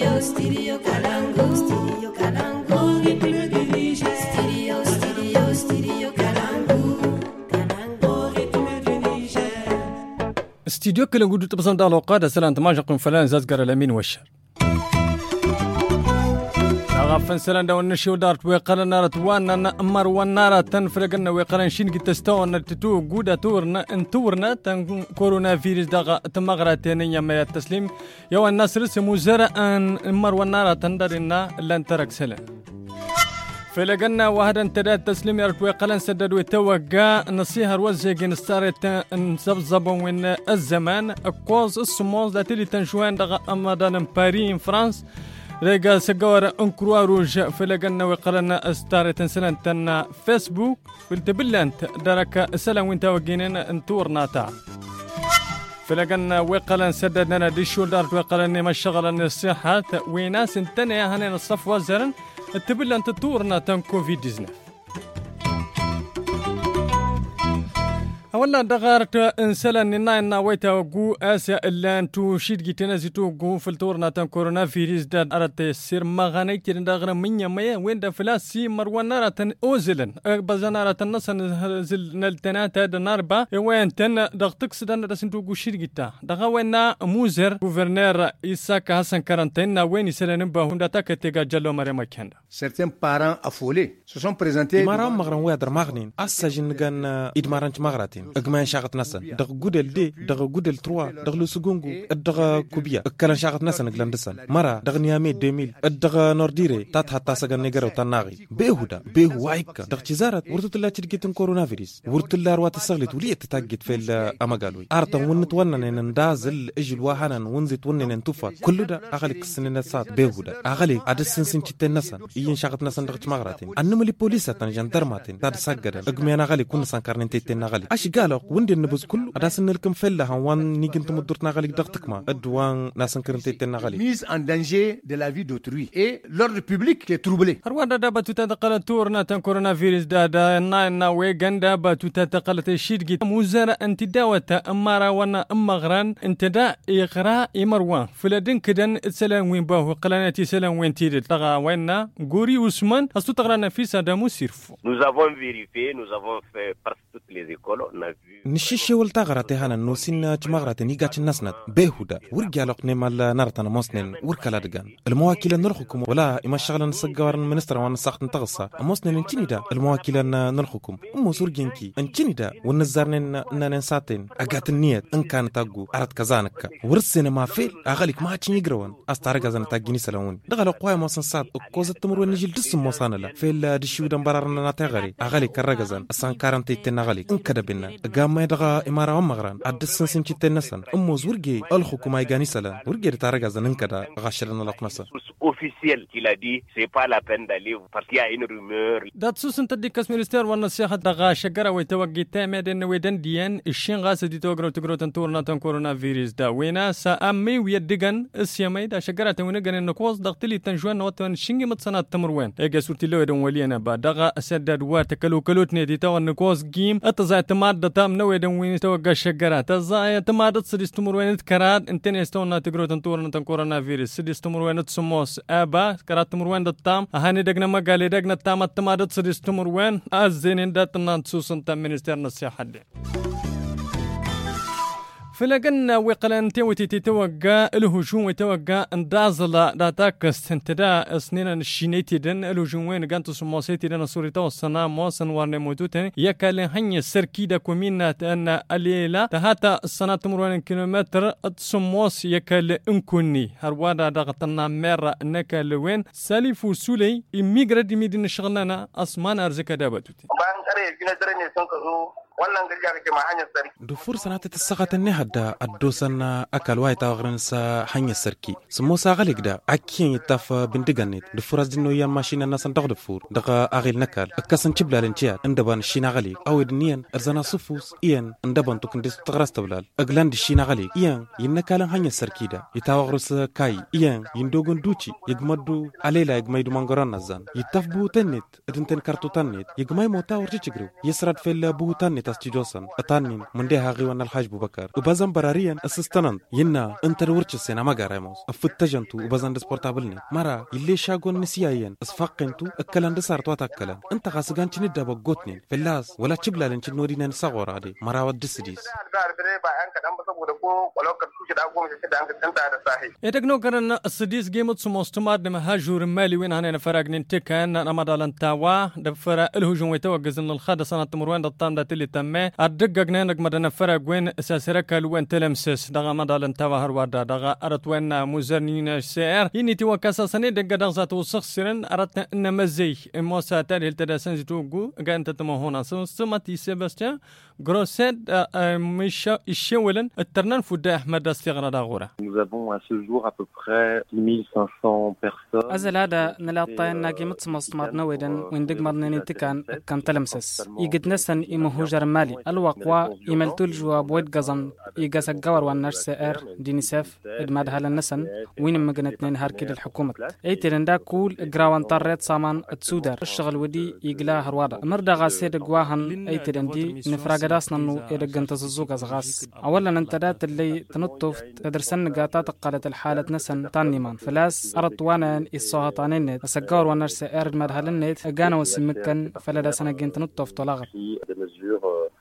ستيريو ستيريو تبزن دالو قادة سلانت فلان زازقر الامين والشر غفن سلندا ونشيو دارت ويقرن نارت وانا نأمر ونارا تنفرقنا ويقرن شين تستون تتو قودة تورنا انتورنا تن كورونا فيروس دغا تمغرا تانية ما التسليم يو الناس رسم وزارة ان امر ونارا تندرنا لن ترك سلام فلقنا ان انتداد تسليم يرك ويقلن سدد ويتوقع نصيها روزيق نستارت زبزب وين الزمان كوز السموز لاتلي تنشوان دغا امدان باري فرانس ريغا سقور انكروا روج فلقنا وقرنا استار تنسلن تن فيسبوك والتبلنت درك سلام وانت وقينين انتور تاع فلقنا وقلا سددنا دي شولدر وقلا ما شغل الصحة وناس تنيا هنا الصف وزرن التبلنت تورنا تن كوفيد 19 هولا دغارت انسلا نناي ناويتا وغو اس الان تو شيد جي تنزيتو غو فلتورنا تن كورونا فيريس دان ارت سير مغاني تن دغنا منيا ميا وين دفلا سي مروان راتن اوزلن بزن راتن نسن زل نلتنات هاد ناربا وين تن دغتكس دان رسنتو غو شيد جيتا دغا وين موزر غوفرنير اساك حسن كارانتين وين سلان با هوندا تاك تيغا جالو مري ماكاندا سيرتين بارون افولي سو سون بريزونتي مارام مغران ويا در مغنين اسا جنغان ادمارانت مغرات اجمان شاغت نسن دغ غودل دي دغ غودل 3 دغ لو سوغونغو دغ كوبيا كلان شاغت نسن غلندسن مرا دغ نيامي 2000 دغ نورديري تات حتى سغن نيغرو تناغي بيهودا بيه وايك دغ تشزارت ورتلا تشدغيتن كورونا فيروس ورتلا روات سغلت ولي تتاجد في الامغالوي ارتن ونتونن ندازل اجل واهنن ونزت ونن تفا كل ده اغلق سنن سات بيهودا اغلق ادسن سنتي نسن ين شاغت نسن دغ تمغراتين انملي بوليساتن جندرماتين تاد سغدن اجمان اغلق كن سنكرنتي تنغلي اشي قالوا وندي النبوز كله أداس نلكم فلا هون وان نيجي انتم الدرتنا غالي دغتك ما أدوان ناس نكرن تيتنا غالي ميز ان دانجي دي لا في دوتروي اي لورد بوبليك كي تروبلي رواندا دابا توتا تقال تورنا تن كورونا فيروس دادا نا نا وي غندا با ويغان دابا تتنقل تشيدغي موزر انت داوتا امارا وانا اما غران انت دا اغرا امروان فلادن كدن اتسلان وين باهو قلاناتي سلام وين تيدت لغا وين غوري عثمان استو تغرانا في سادامو سيرفو نو زافون فيريفي نو زافون في par toutes les écoles, on nishishiwal taqarate hanan nusinna chmaqrate nigachin nasnat behuda wirgyaloq nemal naratan mosnen wirkaladgan almawakila nulhukum wala ima shaglan saggawaran ministra wan saqtan taqsa mosnen chinida almawakila nulhukum ummu surgenki chinida wan zarnen nanen satin agatin niyat inkan taggu arat kazanaka wirsena ma fel agalik ma chin yigrawan astara gazan taggini salawun dagala qoya mosan sat okkozat tamur wan jil dusum mosanala fel dishudan bararna natagari agalik karagazan asan karante tenagalik inkada binna ga mai daga imarawan magaran addisan sun ci tennasan in mos wurge al hukumai gani sala wurge da tare ga zanin ka da gashirin na laknasa officiel qu'il a dit c'est pas la peine d'aller parce qu'il y a une rumeur dat su sun taddi kas minister wanna shekha daga shagara wai tawaggi teme den wedan diyan ishin ga sadi to gro tugro tan turna tan coronavirus da wena sa ammi wiyadigan isyamai da shagara tan wena ganin nakwas daqtili tan juan watan shingi matsanat tamrwen ega surtilo edan waliyana ba daga asadad wa takalokalote ne dita wanna kwas gim atazai tamad ሸበታም ነው የደን ወይን ተወጋ ሸገራ ተዛ የተማደት ስድስት ሙር ወይነት ከራድ እንትን የስተውና ትግሮ ተንጦርነ ተንቆሮና ቪሪስ ስድስት ሙር ወይነት ስሞስ አባ ከራት ሙር ወይን ደታም አሃኔ ደግነ መጋሌ ደግነ ታማት ተማደት ስድስት ሙር ወይን አዘኔ እንዳጥናንት ሱስንታ ሚኒስቴር ነስ ያሐደ فلقنا وقلن توتي تتوقع الهجوم توقع اندازل دا تاكس تنتدا سنين الشينيتي دن الهجوم وين قانتو سموسيتي دن سوري تاو السنة موسن وارني موتوتن يكا لهن سركي دا كومينا تأن الليلة تهاتا السنة تمرون كيلومتر تسموس يكا لانكوني هروادا دا غطنا ميرا نكا لوين ساليفو سولي اميقرد ميدين شغلنا اسمان ارزكا دابتوتي بان اريد كنا درني wannan gari aka ce ma hanyar sarki dufur sanata ta saka ne hadda addosan na akal waita wagrin sa hanyar sarki su musa galik da akin ta fa bindigan ne dufur az dinno yan mashina na san dagda fur daga agil nakal akasan ciblalan ciya inda ban shina galik awid niyan arzana sufus iyan inda ban tukun dis tagras tablal aglan shina galik iyan yin nakalan hanyar sarki da ita wagrin sa kai iyan yin dogon duci yigmaddu alela yigmaidu mangoran nazan yitaf bu tannit idinten kartu tannit yigmai mota warci cigriw yisrat fel bu tannit tasjidosan atanin munde haqi wan alhaj bubakar ubazan bararian assistanan yinna intar wurchisen amagaremos afutajantu ubazan desportabilni mara ille shagon nisiyayen asfaqintu akkalan desartu atakkalan inta qasiganchin dabagotnin fillas wala chiblalinchin nodinen sagorade mara wadisidis የደግኖ ገረና ስዲስ ጌሞት ስሞስቱማድ ንመሃዡር ማሊ ዌን ሃነ ነፈራግኒን ቲካን ናማዳለንታዋ ደፈራ እልሁዥን ወይተወገዝን ልኸ ደሰናት ምርዋን ደጣም ዳትሊታ تمي أردققنا نقمدنا فرق وين ساسرك الوين تلمسس دغه مدال انتوهر ودا دغه أرت وين مزرنين سير يني تيوا كاساساني دقا دغزا توسخ سيرن أردت إن مزي موسى تاري التدسان زيتوغو غان تتمهونا سمتي سيباستيان جروسيد مش الشولن الترنان فدا أحمد استغرا داغورا Nous avons à ce jour à peu près 6500 personnes. أزل هذا نلاطين ناقي متصمص مرنا تلمسس نسن jar mali alwa kwa imel tul jua boyd gazan i gasa gawar wan nar sr dinisef id mad halan nasan win magnat nin harkid al hukumat ay tirenda kul grawan tarret saman tsudar shgal wadi igla harwada marda gase de gwahan ay tirendi nifragadas nanu idaganta zuga zgas awalan antadat اللي تنطف تدرسن قاتات قالت الحالة نسن تانيمان فلاس أرد وانا إصوها تانينيت أسجار وانا رسائر مدهلنيت أجانا وسمكن فلا دسنا جين تنطف طلاغ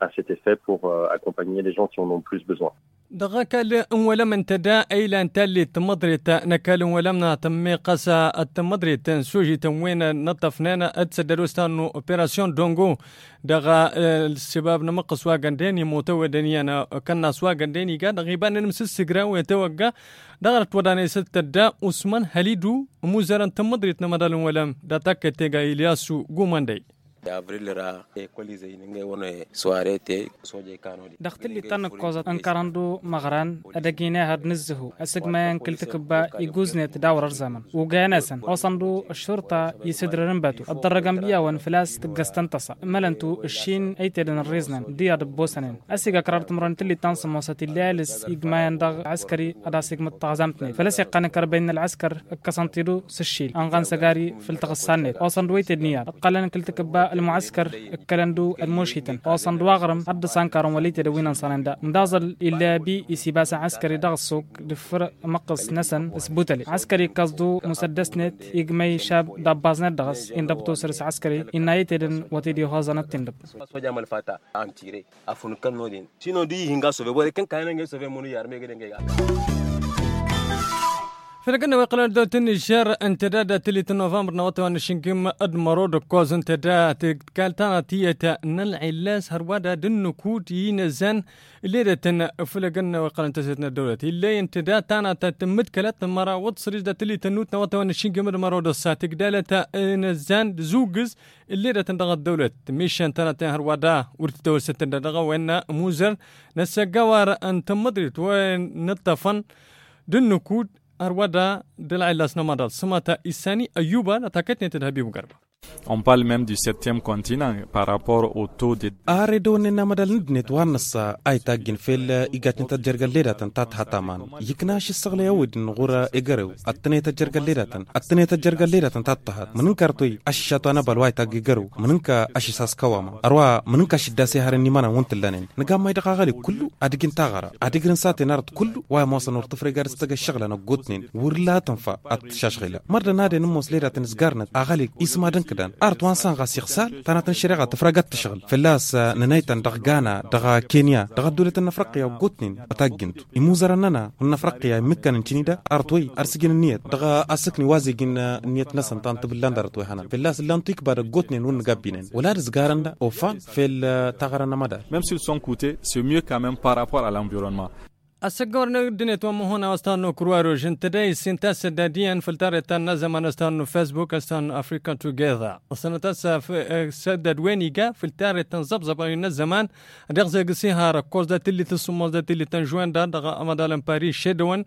à cet effet pour euh, accompagner les gens qui en ont plus besoin. دغكال ولم اي لان تالي مدريت نكال ولم نتمي قسا التمدريت سوجي تموين نطفنانا اتسدروستان اوبيراسيون دونغو دغا آه، السباب نمق سوا واغنديني موتو دنيانا كنا سوا سواغنديني قا دغيبان نمسس غرا ويتوغا دغا توداني ستدا عثمان هليدو موزرن تمدريت نمدال ولم دا تيغا الياسو غوماندي avril ra e kolize ninge wone soare te soje kanodi dakhtil tan koza ankarandu magran adagina had nizhu asagman kiltakba iguzne tadawrar zaman وقاناسا وصندو الشرطة يسدر رنباتو الدرقم بيا ونفلاس تقستنتصا ملنتو الشين ايتدن الريزنان ديار بوسنين اسيقا قرار تمرن تلي تنص موسات اللالس اقمان دغ عسكري ادا سيقم التعزامتني فلاسي قانكر بين العسكر اكسنطيرو سشيل انغان سقاري فلتغسانيت وصندو ايتدنيا قلن كلتكبا المعسكر كلندو المشيتن وصن دواغرم عبد سانكار وليت دوينا صنندا مدازل إلا بي إسيباس عسكري دغسوك دفر مقص نسن سبوتلي عسكري كازدو مسدس نت إجمي شاب دباز دغس إن دبتو سرس عسكري إن يتدن وتيدي هذا نتندب أفن كنودين شنو دي هنگا سوفي بوري كن كاينن سوفي موني يارمي فرقنا دو تني شر انتدادا تلت نوفمبر نواتو وان شنكيم ادمرو دكوز انتدا تكالتانا تيتا نلعلاس هروادا دنو كوتي نزان ليدتن فلقنا وقلنا تسيتنا الدولة اللي انتدا تانا تتمد كلات مرا وطسريج دا تلت نوت نواتو ان شنكيم ادمرو دسا دالتا نزان زوجز اللي تندغ الدولة ميشان تانا هروادا دول ستن دغا وين موزر نسا انت مدريت وين نطفن دنو كوت أرودا دلع اللاس نمادال سماتا إساني أيوبا نتاكتني تدهبي بقربا On parle même du septième continent par rapport au taux de... Aredo ne namadal nidnit wanasa aita ginfel igatinta jergaledatan tat hataman. Yiknashi sagle awidin gura egarew. Attaneta jergaledatan. Attaneta jergaledatan tat tahat. Manunkar tuy ashishatu anabal waita gigarew. Manunka ashisas kawama. Arwa manunka shiddasi harin nimana wantillanin. Nagamma idaqagali kullu adigin tagara. Adigrin sati nart kullu wa mosa nur tufrigar istaga shagla na gutnin. Wurla tanfa at shashgila. Marda nade numus ledatan zgarnat agalik ismadan كدان ارت وان وانسان غاسي خسال تنات نشريغا تفرقت تشغل فلاس آه، ننايتن دغ غانا دغ كينيا دغ دولة النفرقية وقوتنين اتاقنت امو زرننا النفرقية مكان انتنيدا ارتوي ارسجن النيت دغ اسكني وازيقن آه، نيت نسن تان تبلان دارتوي هنا فلاس لان تكبر قوتنين ونقبينين ولا رزقارن اوفا في التغرن آه، مدار Même s'ils sont coûtés, c'est mieux quand même par rapport à l'environnement. أسقورنا دنيت هنا أستانو كروارو جن تداي سنتاس داديان فلتار تانا زمان أستانو فيسبوك استان أفريكا توجيذا أستانو آه، سدد سداد وينيغا فلتار تان زبزب اي زمان دغزا قسيها ركوز دا تلي تسموز دا تلي تنجوان دا دغا أمدالن باريس شدوان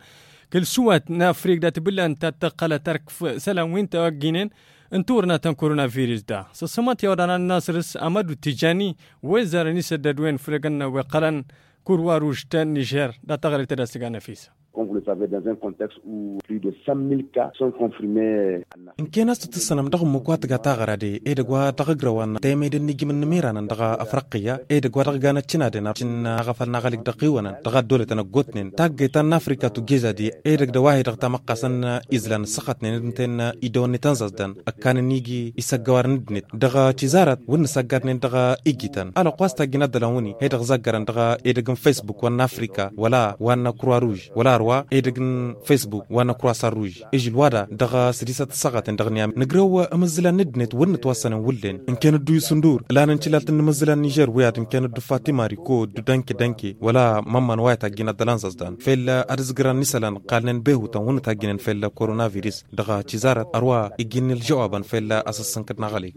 كل سوات نافريك دا تبلا أنت تقل ترك سلام وين توقينين انتورنا تن كورونا فيروس دا سسمات يودانا الناس رس أمدو تجاني وزارني سدد وين فرقنا وقلن كروار وجتان نيجير لا تغريت دا سيغانا فيسا comme vous le savez, dans un contexte où plus de 100 000 cas sont confirmés. In kena sta tsanam dag mu kwat ga tagara de e da gwa dag grawa na teme de nigim na mira nan daga afraqiya e da gwa dag gana china de na chin aga fal nagalik daqi wana daga dole tan gotnin tag ge tan afrika tu geza de e da da wahi dag tamaqasan izlan saqat ne nten idon ne tan zasdan akkan nigi isagawar nidnit daga tizarat wun sagat ne daga igitan ala qwasta gina dalawuni e da zagaran daga e da facebook wan afrika wala wan croix rouge wala كاروا إيدغن فيسبوك وانا كرواسا روج إجي الوادا دغا سديسة الصغة دغ نيام نقروا مزلا ندنت ون توصنا ولن إن كان دو يسندور لا ننشلات نمزلا نيجر وياد إن كان دو فاطمة ريكو دو دانكي دانكي ولا ماما نوايتا جينا دلانزاز دان فيلا أرزقران نسلان قالن بيهو تان ون تاجين فيلا كورونا فيروس دغا تشيزارة أروا إجين الجوابا فيلا اساس كتنا غالي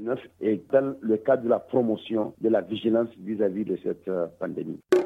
dans le cadre de la promotion de la vigilance vis-à-vis -vis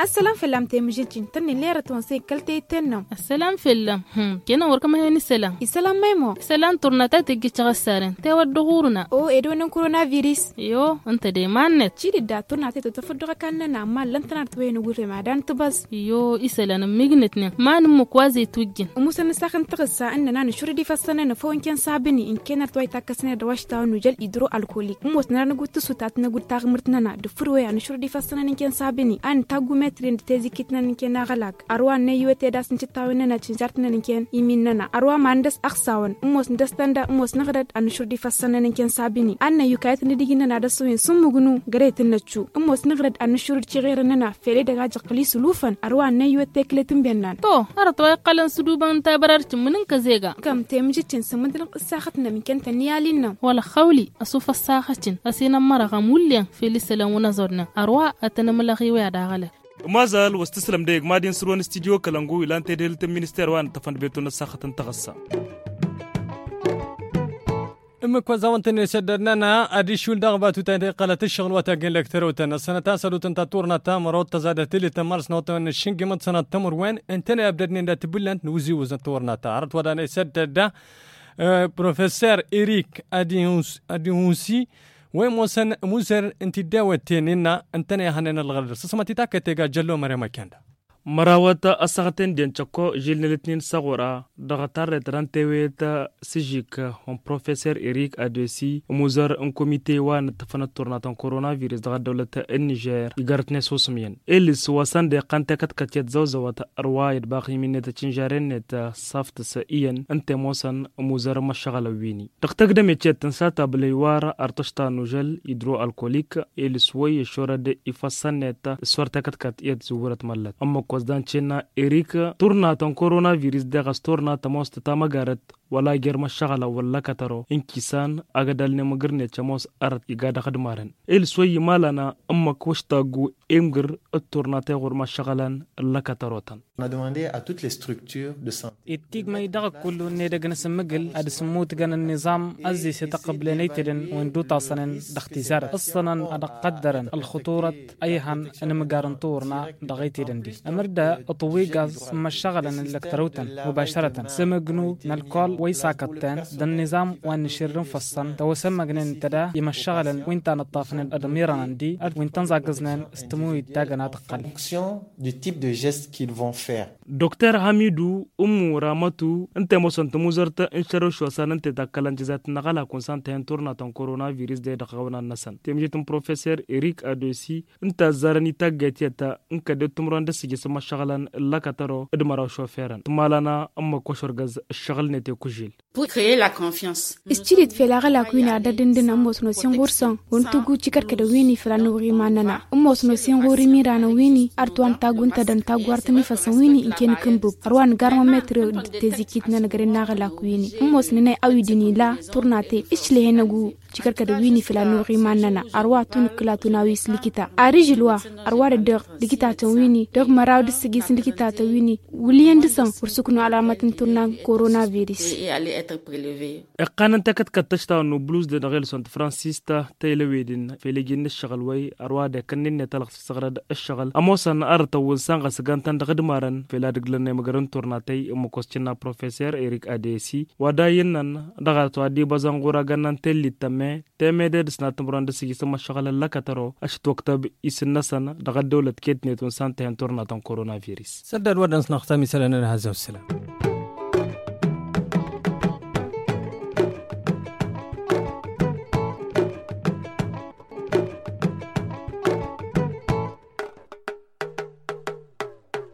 السلام فيلم تي مجيتين تني ليرة تونسي كلتي تنم السلام فيلم هم كنا وركما هني السلام السلام ميمو السلام تورناتا تيجي تغسرن تيوا دغورنا او ادو كورونا فيروس يو انت دي مانت تشيدي دا تورناتا تتفدغ كاننا نعمال لن تنار توين ويري معدان تبز يو اسلان ميغنتني ما نمو كوازي توجين وموسى نساخن تغسا اننا نشوري دي فسنا نفو كان صعبني ان كان توي تاكسنا دواش تاون وجل ادرو الكوليك موسنا نغوت سوتات نغوت تاغمرتنا دفروي ان شوري دي فسنا ان كان صعبني ان تاغو kilometri ndite zikitna ninken nagalak arwa ne yuete das nchitawina na chinjartna ninken iminnana arwa mandas aksawan umos ndastanda umos nagdad anushurdi fassana ninken sabini anna yukayat nidigina na dasuin summugunu na nachu umos nagdad anushurd chigera nana fele daga jakali sulufan arwa ne yuete kletin nan. to ta qalan suduban tabarar ka zega kam temjitin samadil ta minken taniyalin wala khawli asu sakhatin asina mara mulyan felisalan wuna zorna arwa da dagala مازال واستسلم ديك ما دين سرون استديو كلانغو إلى تيدلت مينستير وان تفن بيتونا ساخة تغصى إما كو زمان تني سدرنا أدي شول دغ دغبا تتاني قالت الشغل وتا وتاقين لك ترو تن سنة سلو تن تاسر تا تامر وتزادة تلي تمارس ان شينغ من سنة تمر وين انت انتنا أبددني دا تبلنت نوزي وزن تورنا تا تارت وداني سدد أه، بروفيسور إريك أديونسي أديونسي وين موسن موزر انت داوت تينينا انتني هنن الغرس سمعتي تاكتي جلو مريم كندا marawata asagaten dianchako jilnelitnin sagora dagatarret ranteweta sijik on professeur eric adesi muzar un comité wan tafana tornatan coronavirus daga dawlata niger igartne sosmiyen elis wasande qantekat katyet zawzawata arwayet baqimineta cinjareneta saftsa iyan ante mosan muzar mashagala wini daqtagda mechet sata blewara artoshta nujel hidroalcoolique elis way shorade ifasaneta swartakat katyet zuwrat mallat amma kozdanchena eric turna ton coronavirus daga storna tamosta tamagaret wala germa shagala wala kataro inkisan aga dalne magarne chamos arat igada khadmaren il soyi malana amma kwashtagu emgir attorna te gorma shagalan la katarotan on a demandé à toutes les structures de santé ittig may daga kullu ne daga nasmagal ad smut gan an nizam azzi sitaqablanaytidan wan du tasanan dakhtisar assanan ad qaddaran al khuturat ayhan an magaranturna dagaytidan di amarda atwiqas ma shagalan la katarotan mubasharatan samagnu nalkol ويساكتان دن نظام وان شرن فصن توسم مجنن تدا يمشغلا وين تان الطافن الأدميرا دي وين تنزا قزنان استموي تاغنا تقل دكتور حميدو أم رامتو أنت مسنت مزرت إن شرو شو سننت تاكلن جزات نغلا كونسان تهنتورنا تن كورونا فيروس دي دقونا نسن تمجيتم بروفيسور إريك أدوسي أنت زارني تاغتيتا أنك دتم راندس جسم شغلا لكترو إدمرا شوفيرا الشغل kujil. pour créer la confiance. Stilit felara la kuina da na mosno singursan guntu gu de kada wini filano rimanana mosno singuri mirana wini artuan tagunta dan taguarta mi fasan wini inken kumbu arwan garma metre tezikit na nagare na la kuini mosne ne awidini la turnate ishle henagu chikarka da wini filano qimanana arwa tun kila tunawis likita arijilwa arwa da dog likita ta wini dog maraw da sigis likita ta wini wuliyan disan fursukunu alamatin turnan coronavirus iqanan takat katashta no blues da dagel sont francista taylawedin feligin shagal way arwa da kaninne talaq sagrad shagal amosan arta wulsan qasgantan dagdmaran filadiglan magaran turnatay mukoschina professor eric adesi wadayinan dagato adi bazangura ganan tellitame me temeded sna tumburonde sigi sama shagala lakataro ashit waktab isinasana daga dowlad kednetun santehen tornatan coronavirus sadad wadan sna ختامي سلام على هذا والسلام